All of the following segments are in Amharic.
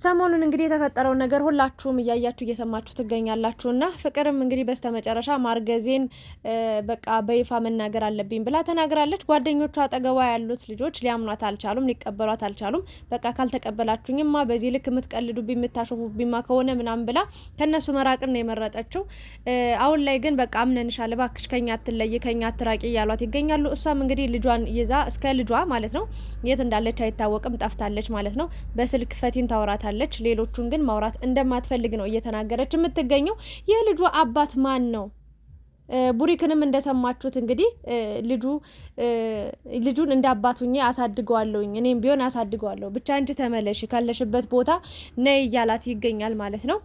ሰሞኑን እንግዲህ የተፈጠረውን ነገር ሁላችሁም እያያችሁ እየሰማችሁ ትገኛላችሁ። እና ፍቅርም እንግዲህ በስተመጨረሻ ማርገዜን በቃ በይፋ መናገር አለብኝ ብላ ተናግራለች። ጓደኞቿ አጠገቧ ያሉት ልጆች ሊያምኗት አልቻሉም፣ ሊቀበሏት አልቻሉም። በቃ ካልተቀበላችሁኝማ በዚህ ልክ የምትቀልዱብኝ የምታሾፉብኝማ ከሆነ ምናምን ብላ ከእነሱ መራቅን ነው የመረጠችው። አሁን ላይ ግን በቃ አምነንሻል፣ እባክሽ ከኛ አትለይ፣ ከኛ አትራቂ እያሏት ይገኛሉ። እሷም እንግዲህ ልጇን ይዛ እስከ ልጇ ማለት ነው የት እንዳለች አይታወቅም፣ ጠፍታለች ማለት ነው። በስልክ ፈቲን ታወራት አውርታለች። ሌሎቹን ግን ማውራት እንደማትፈልግ ነው እየተናገረች የምትገኘው። የልጁ አባት ማን ነው? ቡሪክንም እንደሰማችሁት እንግዲህ ልጁ ልጁን እንደ አባቱኝ አሳድገዋለሁኝ እኔም ቢሆን አሳድገዋለሁ፣ ብቻ እንጂ ተመለሽ ካለሽበት ቦታ ነይ እያላት ይገኛል ማለት ነው።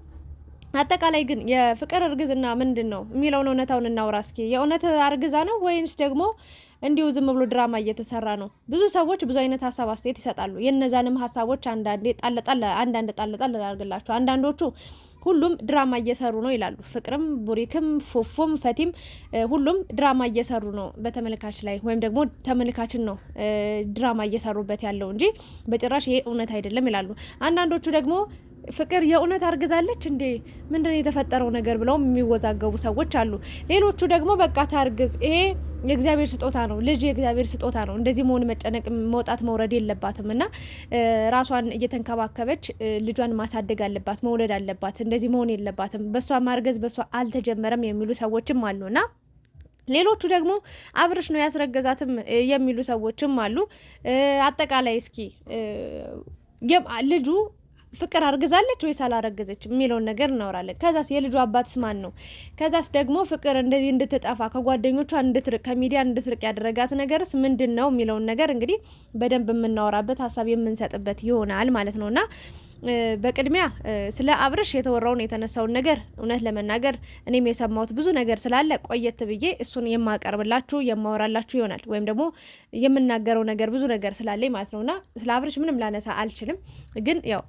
አጠቃላይ ግን የፍቅር እርግዝና ምንድን ነው የሚለውን እውነታውን እናውራ እስኪ። የእውነት አርግዛ ነው ወይንስ ደግሞ እንዲሁ ዝም ብሎ ድራማ እየተሰራ ነው? ብዙ ሰዎች ብዙ አይነት ሀሳብ አስተያየት ይሰጣሉ። የነዛንም ሀሳቦች አንዳንዴ ጣለጣለ አንዳንድ ጣለጣለ አድርግላችሁ አንዳንዶቹ ሁሉም ድራማ እየሰሩ ነው ይላሉ። ፍቅርም፣ ቡሪክም፣ ፉፉም፣ ፈቲም ሁሉም ድራማ እየሰሩ ነው በተመልካች ላይ ወይም ደግሞ ተመልካችን ነው ድራማ እየሰሩበት ያለው እንጂ በጭራሽ ይሄ እውነት አይደለም ይላሉ። አንዳንዶቹ ደግሞ ፍቅር የእውነት አርግዛለች እንዴ ምንድን የተፈጠረው ነገር ብለው የሚወዛገቡ ሰዎች አሉ። ሌሎቹ ደግሞ በቃ ታርግዝ፣ ይሄ የእግዚአብሔር ስጦታ ነው፣ ልጅ የእግዚአብሔር ስጦታ ነው፣ እንደዚህ መሆን መጨነቅ፣ መውጣት መውረድ የለባትም እና ራሷን እየተንከባከበች ልጇን ማሳደግ አለባት፣ መውለድ አለባት፣ እንደዚህ መሆን የለባትም፣ በእሷ ማርገዝ በእሷ አልተጀመረም የሚሉ ሰዎችም አሉና ሌሎቹ ደግሞ አብርሽ ነው ያስረገዛትም የሚሉ ሰዎችም አሉ። አጠቃላይ እስኪ ልጁ ፍቅር አርግዛለች ወይስ አላረገዘች የሚለውን ነገር እናወራለን። ከዛስ የልጁ አባትስ ማን ነው? ከዛስ ደግሞ ፍቅር እንደዚህ እንድትጠፋ ከጓደኞቿ እንድትርቅ ከሚዲያ እንድትርቅ ያደረጋት ነገርስ ምንድን ነው የሚለውን ነገር እንግዲህ በደንብ የምናወራበት ሀሳብ የምንሰጥበት ይሆናል ማለት ነውና በቅድሚያ ስለ አብርሽ የተወራውን የተነሳውን ነገር እውነት ለመናገር እኔም የሰማሁት ብዙ ነገር ስላለ ቆየት ብዬ እሱን የማቀርብላችሁ የማወራላችሁ ይሆናል። ወይም ደግሞ የምናገረው ነገር ብዙ ነገር ስላለኝ ማለት ነውና ስለ አብርሽ ምንም ላነሳ አልችልም። ግን ያው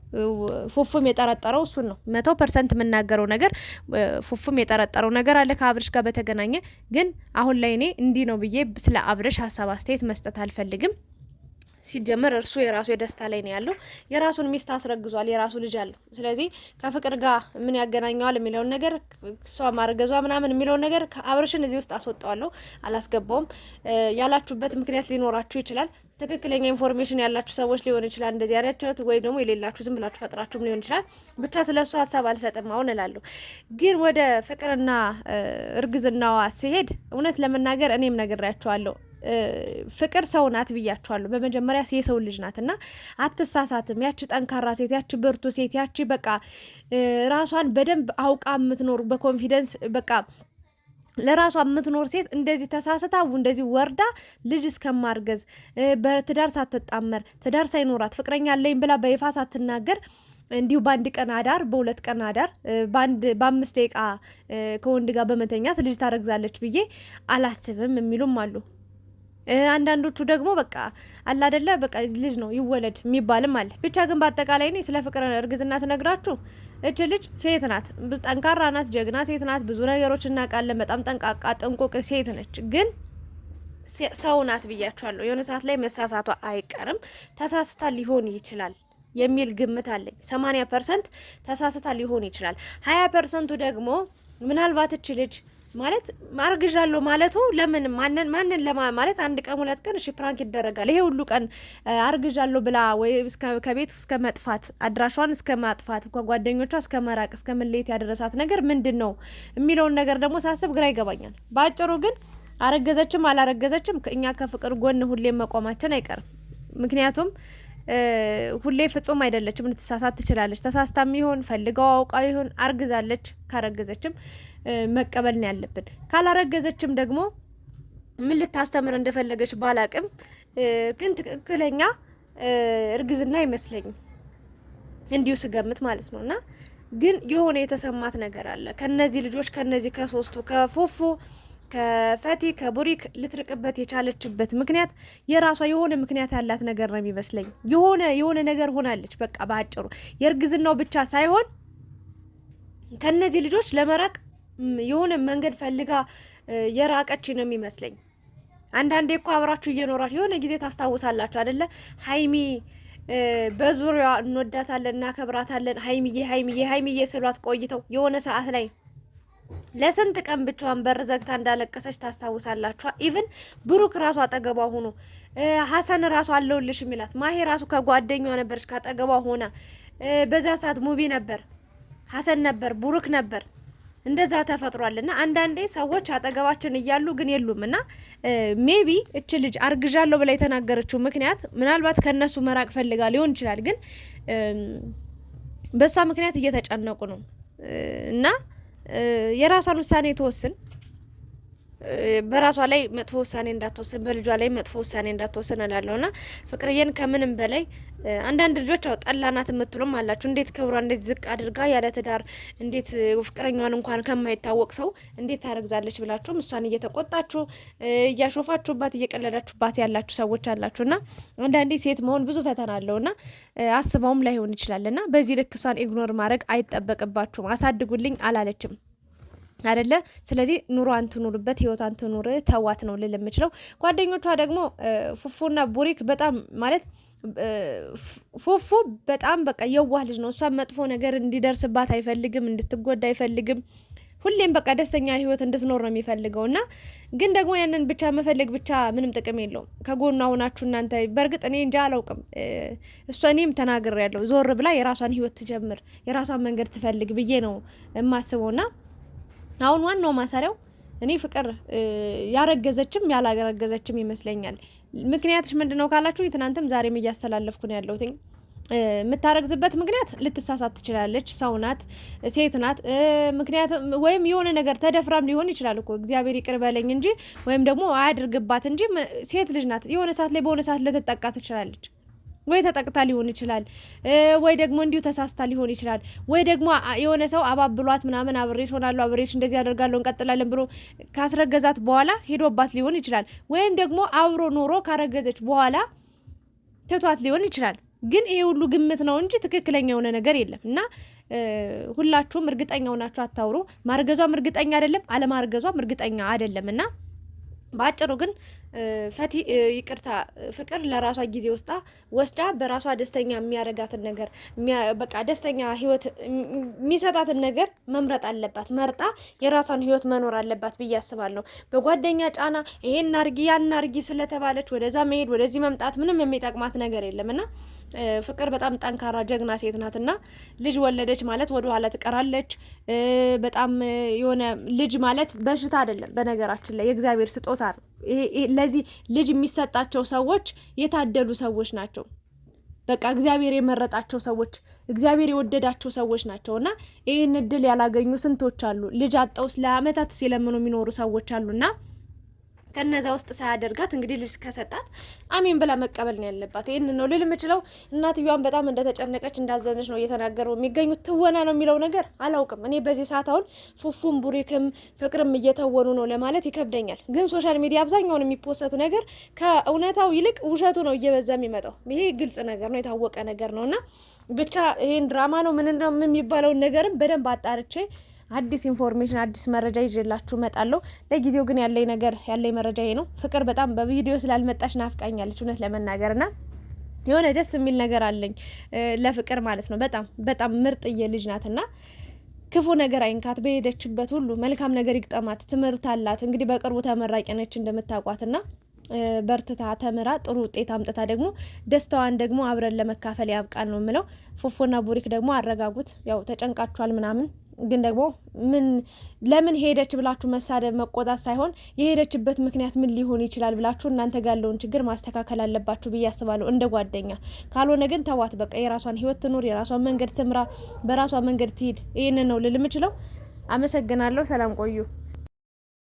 ፉፉም የጠረጠረው እሱን ነው መቶ ፐርሰንት የምናገረው ነገር ፉፉም የጠረጠረው ነገር አለ ከአብርሽ ጋር በተገናኘ ግን አሁን ላይ እኔ እንዲህ ነው ብዬ ስለ አብርሽ ሀሳብ አስተያየት መስጠት አልፈልግም። ሲጀመር እርሱ የራሱ የደስታ ላይ ነው ያለው። የራሱን ሚስት አስረግዟል። የራሱ ልጅ አለው። ስለዚህ ከፍቅር ጋር ምን ያገናኘዋል የሚለውን ነገር እሷ ማርገዟ ምናምን የሚለውን ነገር አብርሽን እዚህ ውስጥ አስወጣዋለሁ፣ አላስገባውም። ያላችሁበት ምክንያት ሊኖራችሁ ይችላል። ትክክለኛ ኢንፎርሜሽን ያላችሁ ሰዎች ሊሆን ይችላል እንደዚህ ያላችሁት፣ ወይም ደግሞ የሌላችሁ ዝም ብላችሁ ፈጥራችሁም ሊሆን ይችላል። ብቻ ስለ እሱ ሀሳብ አልሰጥም አሁን እላለሁ። ግን ወደ ፍቅርና እርግዝናዋ ሲሄድ እውነት ለመናገር እኔም ነግራችኋለሁ ፍቅር ሰው ናት ብያችኋለሁ። በመጀመሪያ የሰው ልጅ ናት እና አትሳሳትም። ያቺ ጠንካራ ሴት፣ ያቺ ብርቱ ሴት፣ ያቺ በቃ ራሷን በደንብ አውቃ የምትኖር በኮንፊደንስ በቃ ለራሷ የምትኖር ሴት እንደዚህ ተሳስታ እንደዚህ ወርዳ ልጅ እስከማርገዝ በትዳር ሳትጣመር ትዳር ሳይኖራት ፍቅረኛ አለኝ ብላ በይፋ ሳትናገር እንዲሁ በአንድ ቀን አዳር በሁለት ቀን አዳር በአምስት ደቂቃ ከወንድ ጋር በመተኛት ልጅ ታረግዛለች ብዬ አላስብም የሚሉም አሉ። አንዳንዶቹ ደግሞ በቃ አለ አይደለ በቃ ልጅ ነው ይወለድ የሚባልም አለ። ብቻ ግን በአጠቃላይ እኔ ስለ ፍቅር እርግዝና ስነግራችሁ እች ልጅ ሴት ናት፣ ጠንካራ ናት፣ ጀግና ሴት ናት። ብዙ ነገሮች እናውቃለን። በጣም ጠንቃቃ ጥንቁቅ ሴት ነች ግን ሰው ናት ብያችኋለሁ። የሆነ ሰዓት ላይ መሳሳቷ አይቀርም። ተሳስታ ሊሆን ይችላል የሚል ግምት አለኝ። 8 ፐርሰንት ተሳስታ ሊሆን ይችላል። 20 ፐርሰንቱ ደግሞ ምናልባት እች ልጅ ማለት አርግዣለሁ ማለቱ ለምን ማንን ማንን ማለት አንድ ቀን ሁለት ቀን እሺ ፕራንክ ይደረጋል። ይሄ ሁሉ ቀን አርግዣለሁ ብላ ወይ ከቤት እስከ መጥፋት አድራሿን እስከ ማጥፋት ከጓደኞቿ እስከ መራቅ እስከ ምሌት ያደረሳት ነገር ምንድን ነው የሚለውን ነገር ደግሞ ሳስብ ግራ ይገባኛል። በአጭሩ ግን አረገዘችም አላረገዘችም እኛ ከፍቅር ጎን ሁሌም መቆማችን አይቀርም። ምክንያቱም ሁሌ ፍጹም አይደለችም፣ ልትሳሳት ትችላለች። ተሳስታ ይሆን ፈልገው አውቃ ይሆን አርግዛለች። ካረገዘችም መቀበል ነው ያለብን። ካላረገዘችም ደግሞ ምን ልታስተምር እንደፈለገች ባላቅም፣ ግን ትክክለኛ እርግዝና አይመስለኝም እንዲሁ ስገምት ማለት ነው እና ግን የሆነ የተሰማት ነገር አለ። ከነዚህ ልጆች ከነዚህ ከሶስቱ ከፎፎ ከፈቲ ከቡሪክ ልትርቅበት የቻለችበት ምክንያት የራሷ የሆነ ምክንያት ያላት ነገር ነው የሚመስለኝ። የሆነ የሆነ ነገር ሆናለች። በቃ በአጭሩ የእርግዝናው ብቻ ሳይሆን ከነዚህ ልጆች ለመራቅ የሆነ መንገድ ፈልጋ የራቀች ነው የሚመስለኝ። አንዳንዴ እኮ አብራችሁ እየኖራችሁ የሆነ ጊዜ ታስታውሳላችሁ አደለ? ሀይሚ በዙሪያ እንወዳታለን እናከብራታለን፣ ሀይሚዬ ሀይሚዬ ሀይሚዬ ስሏት ቆይተው የሆነ ሰዓት ላይ ለስንት ቀን ብቻዋን በር ዘግታ እንዳለቀሰች ታስታውሳላችኋ። ኢቭን ብሩክ ራሱ አጠገቧ ሆኖ ሀሰን ራሱ አለውልሽ የሚላት ማሄ ራሱ ከጓደኛዋ ነበረች፣ ካጠገቧ ሆና በዛ ሰዓት ሙቢ ነበር፣ ሀሰን ነበር፣ ብሩክ ነበር እንደዛ ተፈጥሯልና አንዳንዴ ሰዎች አጠገባችን እያሉ ግን የሉም እና ሜቢ እች ልጅ አርግዣለሁ ብላ የተናገረችው ምክንያት ምናልባት ከእነሱ መራቅ ፈልጋ ሊሆን ይችላል። ግን በእሷ ምክንያት እየተጨነቁ ነው እና የራሷን ውሳኔ ትወስን። በራሷ ላይ መጥፎ ውሳኔ እንዳትወስን በልጇ ላይ መጥፎ ውሳኔ እንዳትወስን እላለሁ ና ፍቅርዬን ከምንም በላይ አንዳንድ ልጆች ያው ጠላናት የምትሉም አላችሁ። እንዴት ክብሯ እንዴት ዝቅ አድርጋ ያለ ትዳር እንዴት ፍቅረኛዋን እንኳን ከማይታወቅ ሰው እንዴት ታረግዛለች ብላችሁም እሷን እየተቆጣችሁ እያሾፋችሁባት እየቀለዳችሁባት ያላችሁ ሰዎች አላችሁ ና አንዳንዴ ሴት መሆን ብዙ ፈተና አለው ና አስበውም ላይሆን ይችላል ና በዚህ ልክ እሷን ኢግኖር ማድረግ አይጠበቅባችሁም። አሳድጉልኝ አላለችም። አይደለ ስለዚህ ኑሯን ትኑርበት ህይወቷን ትኑር ተዋት ነው ልል የምችለው ጓደኞቿ ደግሞ ፉፉና ቡሪክ በጣም ማለት ፉፉ በጣም በቃ የዋህ ልጅ ነው እሷ መጥፎ ነገር እንዲደርስባት አይፈልግም እንድትጎዳ አይፈልግም ሁሌም በቃ ደስተኛ ህይወት እንድትኖር ነው የሚፈልገው እና ግን ደግሞ ያንን ብቻ መፈለግ ብቻ ምንም ጥቅም የለውም ከጎኗ አሁናችሁ እናንተ በእርግጥ እኔ እንጃ አላውቅም እሷ እኔም ተናግሬያለሁ ዞር ብላ የራሷን ህይወት ትጀምር የራሷን መንገድ ትፈልግ ብዬ ነው የማስበው እና። አሁን ዋናው ማሰሪያው እኔ ፍቅር ያረገዘችም ያላረገዘችም ይመስለኛል። ምክንያትሽ ምንድን ነው ካላችሁ ትናንትም ዛሬም እያስተላለፍኩ ነው ያለሁት። የምታረግዝበት ምክንያት ልትሳሳት ትችላለች። ሰው ናት፣ ሴት ናት። ምክንያት ወይም የሆነ ነገር ተደፍራም ሊሆን ይችላል እኮ እግዚአብሔር ይቅር በለኝ እንጂ ወይም ደግሞ አያድርግባት እንጂ ሴት ልጅ ናት። የሆነ ሰዓት ላይ በሆነ ሰዓት ልትጠቃ ትችላለች። ወይ ተጠቅታ ሊሆን ይችላል፣ ወይ ደግሞ እንዲሁ ተሳስታ ሊሆን ይችላል፣ ወይ ደግሞ የሆነ ሰው አባብሏት ምናምን አብሬሽ ሆናለሁ አብሬሽ እንደዚህ አደርጋለሁ እንቀጥላለን ብሎ ካስረገዛት በኋላ ሄዶባት ሊሆን ይችላል። ወይም ደግሞ አብሮ ኖሮ ካረገዘች በኋላ ትቷት ሊሆን ይችላል። ግን ይሄ ሁሉ ግምት ነው እንጂ ትክክለኛ የሆነ ነገር የለም እና ሁላችሁም እርግጠኛ ሆናችሁ አታውሩ። ማርገዟም እርግጠኛ አይደለም፣ አለማርገዟም እርግጠኛ አይደለም እና በአጭሩ ግን ፈቲ ይቅርታ ፍቅር ለራሷ ጊዜ ውስጣ ወስዳ በራሷ ደስተኛ የሚያረጋትን ነገር በቃ ደስተኛ ህይወት የሚሰጣትን ነገር መምረጥ አለባት። መርጣ የራሷን ህይወት መኖር አለባት ብዬ አስባለሁ። በጓደኛ ጫና ይሄን አርጊ ያን አርጊ ስለተባለች ወደዛ መሄድ ወደዚህ መምጣት ምንም የሚጠቅማት ነገር የለም እና ፍቅር በጣም ጠንካራ ጀግና ሴት ናትና ልጅ ወለደች ማለት ወደ ኋላ ትቀራለች። በጣም የሆነ ልጅ ማለት በሽታ አይደለም፣ በነገራችን ላይ የእግዚአብሔር ስጦታ ነው። ለዚህ ልጅ የሚሰጣቸው ሰዎች የታደሉ ሰዎች ናቸው። በቃ እግዚአብሔር የመረጣቸው ሰዎች፣ እግዚአብሔር የወደዳቸው ሰዎች ናቸው እና ይህን እድል ያላገኙ ስንቶች አሉ። ልጅ አጠው ለአመታት ሲለምኑ የሚኖሩ ሰዎች አሉና ከነዛ ውስጥ ሳያደርጋት እንግዲህ ልጅ ከሰጣት አሜን ብላ መቀበል ነው ያለባት። ይህን ነው ልል የምችለው። እናትየዋን በጣም እንደተጨነቀች እንዳዘነች ነው እየተናገሩ የሚገኙት። ትወና ነው የሚለው ነገር አላውቅም እኔ በዚህ ሰዓት አሁን ፉፉም ቡሪክም ፍቅርም እየተወኑ ነው ለማለት ይከብደኛል። ግን ሶሻል ሚዲያ አብዛኛውን የሚፖሰት ነገር ከእውነታው ይልቅ ውሸቱ ነው እየበዛ የሚመጣው። ይሄ ግልጽ ነገር ነው፣ የታወቀ ነገር ነው እና ብቻ ይሄን ድራማ ነው ምን የሚባለውን ነገርም በደንብ አጣርቼ አዲስ ኢንፎርሜሽን አዲስ መረጃ ይዤላችሁ እመጣለሁ። ለጊዜው ግን ያለኝ ነገር ያለኝ መረጃ ይሄ ነው። ፍቅር በጣም በቪዲዮ ስላልመጣች ናፍቃኛለች እውነት ለመናገርና የሆነ ደስ የሚል ነገር አለኝ ለፍቅር ማለት ነው። በጣም በጣም ምርጥዬ ልጅ ናትና ክፉ ነገር አይንካት፣ በሄደችበት ሁሉ መልካም ነገር ይግጠማት። ትምህርት አላት እንግዲህ በቅርቡ ተመራቂ ነች እንደምታውቋትና በርትታ ተምራ ጥሩ ውጤት አምጥታ ደግሞ ደስታዋን ደግሞ አብረን ለመካፈል ያብቃል ነው የምለው። ፉፉና ቡሪክ ደግሞ አረጋጉት፣ ያው ተጨንቃችኋል ምናምን ግን ደግሞ ምን ለምን ሄደች ብላችሁ መሳደብ መቆጣት ሳይሆን የሄደችበት ምክንያት ምን ሊሆን ይችላል ብላችሁ እናንተ ጋር ያለውን ችግር ማስተካከል አለባችሁ ብዬ አስባለሁ፣ እንደ ጓደኛ። ካልሆነ ግን ተዋት፣ በቃ የራሷን ህይወት ትኑር፣ የራሷን መንገድ ትምራ፣ በራሷ መንገድ ትሂድ። ይህንን ነው ልል የምችለው። አመሰግናለሁ። ሰላም ቆዩ።